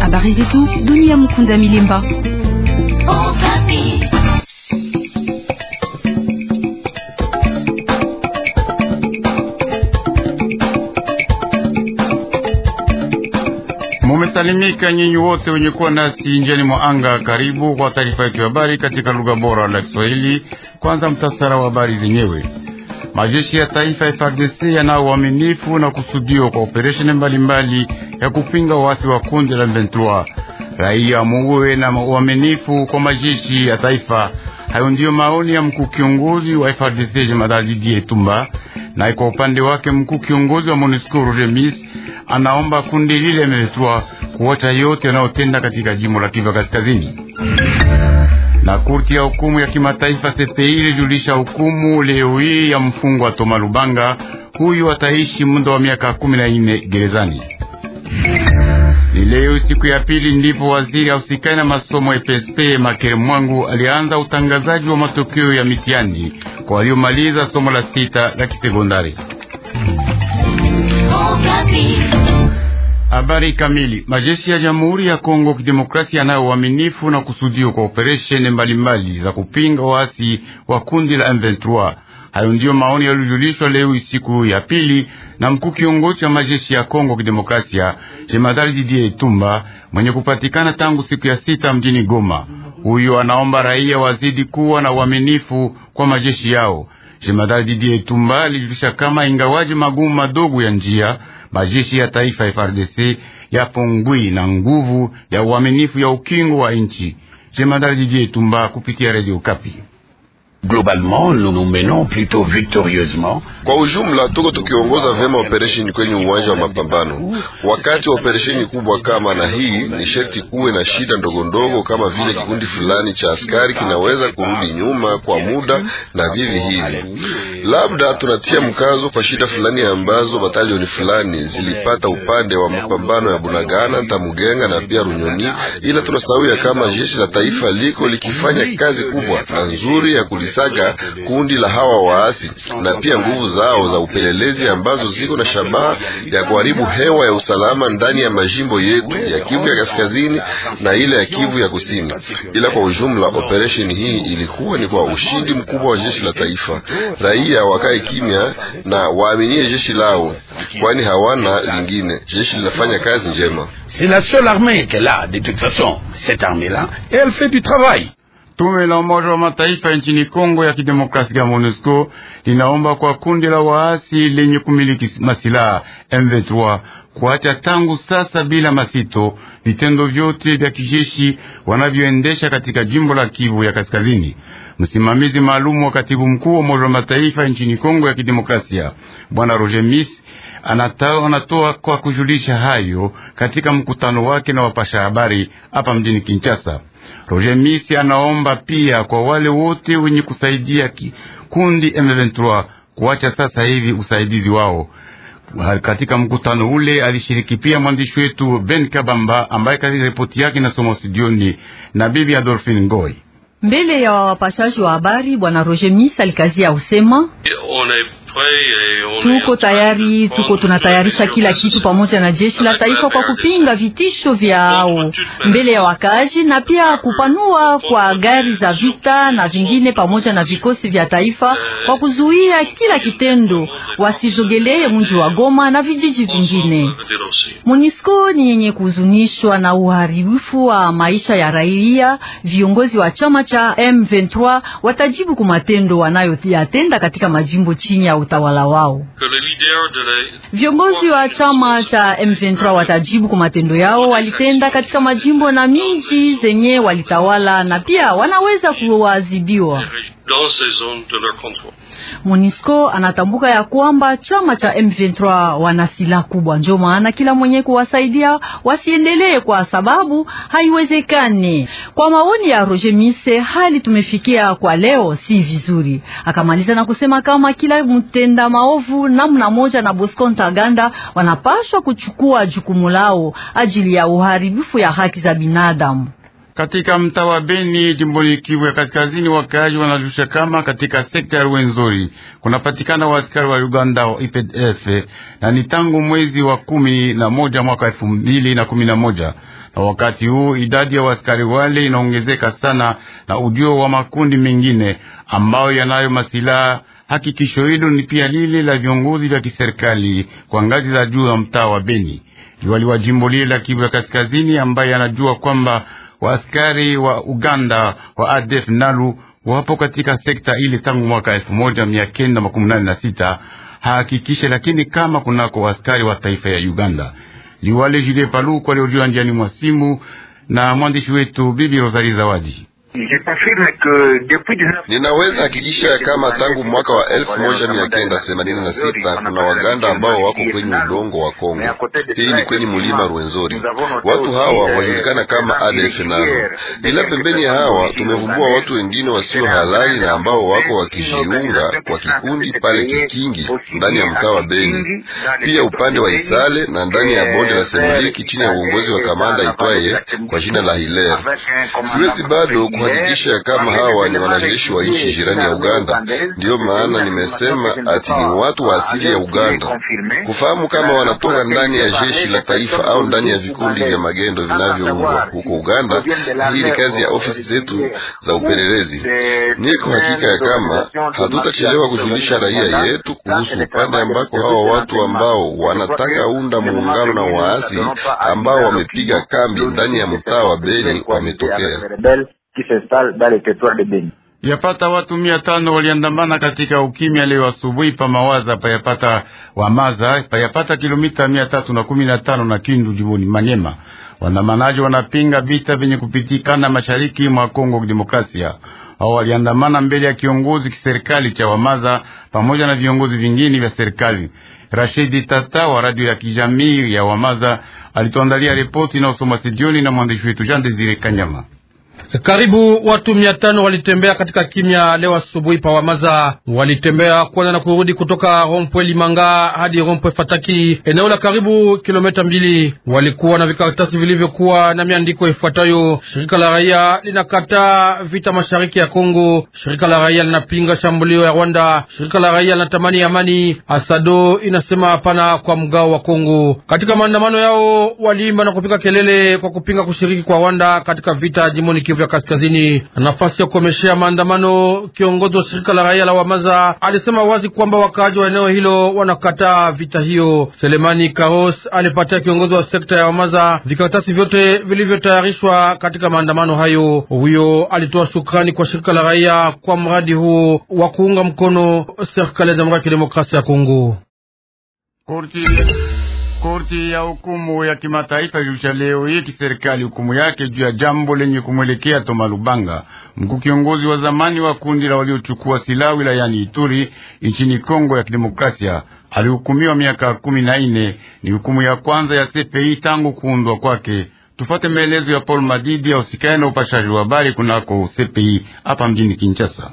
Habari zetu dunia. Mkunda Milimba mumesalimika nyinyi wote wenye kuwa nasi njiani mwa anga. Karibu kwa taarifa yetu ya habari katika lugha bora la Kiswahili. Kwanza mtasara wa habari zenyewe. Majeshi ya taifa FARDC yana uaminifu na kusudio kwa operesheni mbalimbali ya kupinga waasi wa kundi la M23. Raia muwe na uaminifu kwa majeshi ya taifa. Hayo ndiyo maoni ya mkuu kiongozi wa FARDC Jemadari Didier Etumba, na kwa upande wake mkuu kiongozi wa MONUSCO Remis anaomba kundi lile M23 yote yanayotenda katika jimbo la Kivu Kaskazini. Na kurti ya hukumu ya kimataifa CPI ilijulisha hukumu leo hii ya mfungwa Toma Lubanga, huyu ataishi muda wa miaka kumi na nne gerezani. Ni leo siku ya pili ndipo waziri ausikani na masomo EPSP Makere Mwangu alianza utangazaji wa matokeo ya mitihani kwa waliomaliza somo la sita la kisekondari. Oh, Habari kamili. Majeshi ya Jamhuri ya Kongo Kidemokrasia yanayo uaminifu na kusudio kwa operesheni mbalimbali za kupinga waasi wa kundi la M23. Hayo ndiyo maoni yaliyojulishwa leo siku ya pili na mkuu kiongozi wa majeshi ya Kongo Kidemokrasia, Jemadari Didier Itumba mwenye kupatikana tangu siku ya sita mjini Goma. Huyo anaomba raia wazidi kuwa na uaminifu kwa majeshi yao. Jemadari Didier Itumba alijulisha kama ingawaji magumu madogo ya njia majeshi ya taifa FARDC yapungui na nguvu ya uaminifu ya ukingo wa nchi. Jemadari Didier Tumba kupitia Radio Kapi. Globalement, nous nous menons plutôt victorieusement. Kwa ujumla, tuko tukiongoza vyema operesheni kwenye uwanja wa mapambano. Wakati wa operesheni kubwa kama na hii, ni sherti kuwe na shida ndogo ndogo, kama vile kikundi fulani cha askari kinaweza kurudi nyuma kwa muda na vivi hivi. Labda tunatia mkazo kwa shida fulani ambazo batalioni fulani zilipata upande wa mapambano ya Bunagana, Tamugenga na pia Runyoni, ila tunasahau kama jeshi la taifa liko likifanya kazi kubwa na nzuri ya kulis Kisaga, kundi la hawa waasi na pia nguvu zao za upelelezi ambazo ziko na shabaha ya kuharibu hewa ya usalama ndani ya majimbo yetu ya Kivu ya kaskazini na ile ya Kivu ya kusini. Ila kwa ujumla, operesheni hii ilikuwa ni kwa ushindi mkubwa wa jeshi la taifa. Raia wakae kimya na waaminie jeshi lao, kwani hawana lingine. Jeshi linafanya kazi njema. C'est la seule armée qu'elle a de toute façon cette armée là et elle fait du travail Tume la Umoja wa Mataifa nchini Kongo ya Kidemokrasia ya MONUSCO linaomba kwa kundi la waasi lenye kumiliki masilaha M23 kuacha tangu sasa bila masito vitendo vyote vya kijeshi wanavyoendesha katika jimbo la Kivu ya Kaskazini msimamizi maalum wa katibu mkuu wa Umoja wa Mataifa nchini Kongo ya Kidemokrasia, Bwana Roger Miss anatoa, kwa kujulisha hayo katika mkutano wake na wapasha habari hapa mjini Kinshasa. Roger Miss anaomba pia kwa wale wote wenye kusaidia kundi M23 kuacha sasa hivi usaidizi wao. Katika mkutano ule alishiriki pia mwandishi wetu Ben Kabamba ambaye katika ripoti yake inasoma studioni na bibi Adolphine Ngoi. Mbele ya wapashaji wa habari, bwana Roger Misa alikazia usema Tuko tayari, tuko tunatayarisha kila kitu pamoja na jeshi la taifa kwa kupinga vitisho vyao mbele ya wakaji na pia kupanua kwa gari za vita na vingine pamoja na vikosi vya taifa kwa kuzuia kila kitendo, wasizogelee mji wa Goma na vijiji vingine. Monisco ni yenye kuhuzunishwa na uharibifu wa maisha ya raia. Viongozi wa chama cha M23 watajibu kwa matendo wanayoyatenda katika majimbo chini ya utawala wao. Viongozi wa chama cha M23 watajibu kwa matendo yao walitenda katika majimbo na miji zenye walitawala, na pia wanaweza kuadhibiwa. Monisco anatambuka ya kwamba chama cha M23 wana silaha kubwa, ndio maana kila mwenye kuwasaidia wasiendelee, kwa sababu haiwezekani. Kwa maoni ya Roger Mise, hali tumefikia kwa leo si vizuri. Akamaliza na kusema kama kila mtenda maovu namna moja na Bosco Ntaganda wanapaswa kuchukua jukumu lao ajili ya uharibifu ya haki za binadamu. Katika mtaa wa Beni jimboni Kivu ya Kaskazini, wakaaji wanajusha kama katika sekta ya Ruwenzori kunapatikana waaskari wa Uganda wa IPDF na ni tangu mwezi wa kumi na moja mwaka elfu mbili na kumi na moja na wakati huu idadi ya waaskari wale inaongezeka sana na ujio wa makundi mengine ambayo yanayo masilaha. Hakikisho hilo ni pia lile la viongozi vya kiserikali kwa ngazi za juu ya mtaa wa Beni, liwali wa jimbo lile la Kivu ya Kaskazini ambaye anajua kwamba wa askari wa Uganda wa ADF Nalu wapo katika sekta ile tangu mwaka elfu moja mia kenda makumi nane na sita hahakikishe lakini kama kunako askari wa taifa ya Uganda. Liwale Julie Paluku aliojua njiani mwa simu na mwandishi wetu Bibi Rosali Zawadi. Ninaweza hakikisha kama tangu mwaka wa elfu moja mia kenda themanini na sita kuna Waganda ambao wako kwenye udongo wa Kongo. Hii ni kwenye mulima Rwenzori. Watu hawa wajulikana kama ADF naro, ila pembeni ya hawa tumevumbua watu wengine wasio halali na ambao wako wakijiunga kwa kikundi pale Kikingi ndani ya mtaa wa Beni, pia upande wa Isale na ndani ya bonde la Semuliki chini ya uongozi wa kamanda itwaye kwa jina la Hiler. Siwezi bado kuhakikisha ya kama hawa ni wanajeshi wa nchi jirani ya Uganda. Ndiyo maana nimesema ati ni watu wa asili ya Uganda, kufahamu kama wanatoka ndani ya jeshi la taifa au ndani ya vikundi vya magendo vinavyoundwa huko Uganda. Hii ni kazi ya ofisi zetu za upelelezi. Niko hakika ya kama hatutachelewa kujulisha raia yetu kuhusu upande ambako hawa watu ambao wanataka unda muungano na waasi ambao wamepiga kambi ndani ya mtaa wa Beni wametokea. Kisestal Dale Tetoire de Beni. Yapata watu mia tano waliandamana katika ukimya leo asubuhi pa mawaza payapata wamaza payapata kilomita mia tatu na kumi na tano na Kindu jimboni Manyema. Waandamanaji wanapinga vita vyenye kupitikana mashariki mwa Kongo Demokrasia. Hao waliandamana mbele ya kiongozi kiserikali cha Wamaza pamoja na viongozi vingine vya serikali. Rashidi Tata wa radio ya kijamii ya Wamaza alituandalia ripoti inayosoma studioni na mwandishi wetu Jean Desire Kanyama. Karibu watu mia tano walitembea katika kimya leo asubuhi pa Wamaza. Walitembea kwanza na kurudi kutoka rompwe Limanga hadi rompwe Fataki, eneo la karibu kilomita mbili. Walikuwa na vikaratasi vilivyokuwa na miandiko ifuatayo: shirika la raia linakataa vita mashariki ya Kongo, shirika la raia linapinga shambulio ya Rwanda, shirika la raia linatamani amani, Asado inasema hapana kwa mgao wa Kongo. Katika maandamano yao waliimba na kupiga kelele kwa kupinga kushiriki kwa Rwanda katika vita jimoni Kivu Kivu ya Kaskazini. Nafasi ya kukomeshea maandamano, kiongozi wa shirika la raia la Wamaza alisema wazi kwamba wakaaji wa eneo hilo wanakataa vita hiyo. Selemani Karos alipatia kiongozi wa sekta ya Wamaza vikaratasi vyote vilivyotayarishwa katika maandamano hayo. Huyo alitoa shukrani kwa shirika la raia kwa mradi huo wa kuunga mkono serikali ya Jamhuri ya Kidemokrasia ya Kongo. Korti ya hukumu ya kimataifa ilijulisha leo hii kiserikali hukumu yake juu ya jambo lenye kumwelekea Toma Lubanga, mkuu kiongozi wa zamani wa kundi la waliochukua silaha wilayani Ituri nchini Kongo ya Kidemokrasia. Alihukumiwa miaka kumi na nne. Ni hukumu ya kwanza ya CPI tangu kuundwa kwake. Tufate maelezo ya Paul Madidi ya usikani na upashaji wa habari kunako CPI hapa mjini Kinshasa.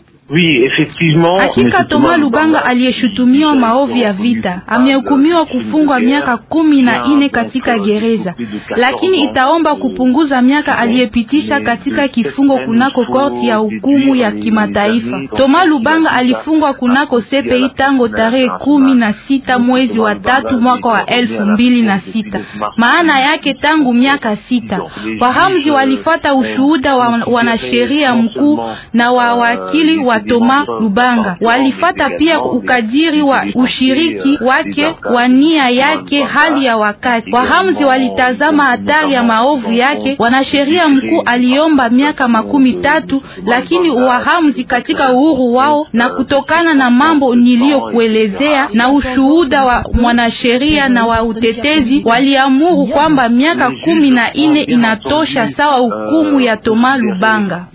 Hakika Toma Lubanga aliyeshutumiwa maovu ya vita amehukumiwa kufungwa miaka kumi na ine katika gereza, lakini itaomba kupunguza miaka aliyepitisha katika kifungo kunako korti ya hukumu ya kimataifa. Toma Lubanga alifungwa kunako CPI tango tarehe kumi na sita mwezi wa tatu mwaka wa elfu mbili na sita maana yake tangu miaka sita. Wahamzi walifata ushuhuda wa wanasheria mkuu na wawakili wa na Toma Lubanga. Walifata pia ukadiri wa ushiriki wake wa nia yake hali ya wakati. Wahamzi walitazama hatari ya maovu yake. Wanasheria mkuu aliomba miaka makumi tatu, lakini wahamzi katika uhuru wao na kutokana na mambo niliyokuelezea na ushuhuda wa mwanasheria na wa utetezi waliamuru kwamba miaka kumi na ine inatosha sawa hukumu ya Toma Lubanga.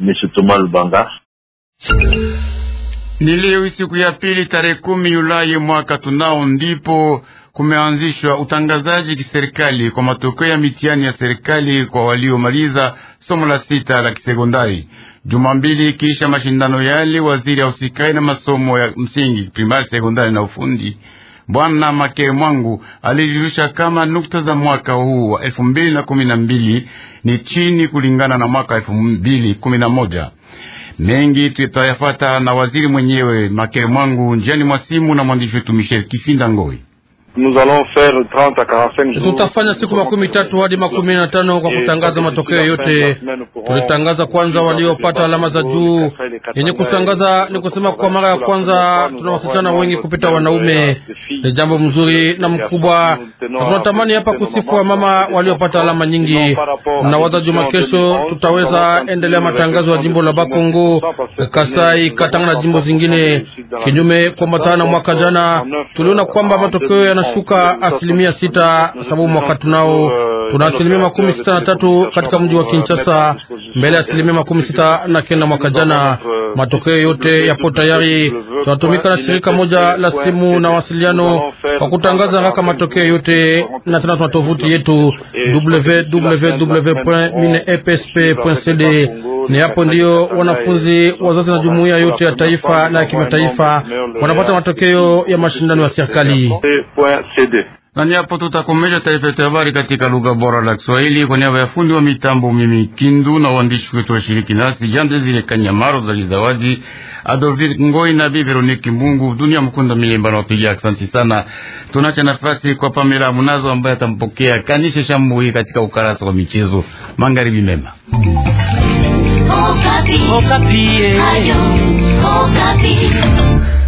Ni leo siku ya pili tarehe kumi Julai mwaka tunao ndipo kumeanzishwa utangazaji kiserikali kwa matokeo ya mitihani ya serikali kwa waliomaliza somo la sita la kisekondari. Juma mbili kisha mashindano yale, waziri ya usikai na masomo ya msingi primari, sekondari na ufundi Bwana Makere Mwangu alijulisha kama nukta za mwaka huu wa elfu mbili na kumi na mbili ni chini kulingana na mwaka elfu mbili kumi na moja. Mengi tutayafata na waziri mwenyewe makere mwangu njiani mwa simu na mwandishi wetu Michel Kifinda Ngoi tutafanya siku makumi tatu hadi makumi na tano kwa kutangaza matokeo yote. Tulitangaza kwanza waliopata alama za juu. Yenye kutangaza ni kusema kwa mara ya kwanza tuna wasichana wengi kupita wanaume, ni jambo mzuri na mkubwa. Tunatamani hapa kusifu wa mama waliopata alama nyingi, na juma kesho tutaweza endelea matangazo ya jimbo la Bakongo, Kasai, Katanga na jimbo zingine, kinyume kwambatana na mwaka jana tuliona euh, kwamba matokeo yana inashuka asilimia sita sababu mwaka tunao tuna asilimia makumi sita na tatu katika mji wa Kinshasa mbele ya asilimia makumi sita na kenda mwaka jana. Matokeo yote yapo tayari. Tunatumika na shirika moja la simu na wasiliano kwa kutangaza haraka matokeo yote, na tena tuna tovuti yetu eh, www.mineepsp.cd ni hapo ndiyo wanafunzi, wazazi na jumuiya yote ya taifa na ya kimataifa wanapata matokeo ya mashindano ya serikali. Na ni hapo tutakomesha taifa yetu habari katika lugha bora la Kiswahili. Kwa niaba ya fundi wa mitambo, mimi Kindu na waandishi wetu washiriki nasi Jande Zile Kanyamaro, Zawadi Adolfin Ngoi na Bi Veroniki Mungu, Dunia Mkunda Milemba na wapiga. Asante sana. Tunacha nafasi kwa Pamela Munazo ambaye atampokea Kanishe Shambui katika ukarasa wa michezo. Magharibi mema. Okapi. Okapi. Eh.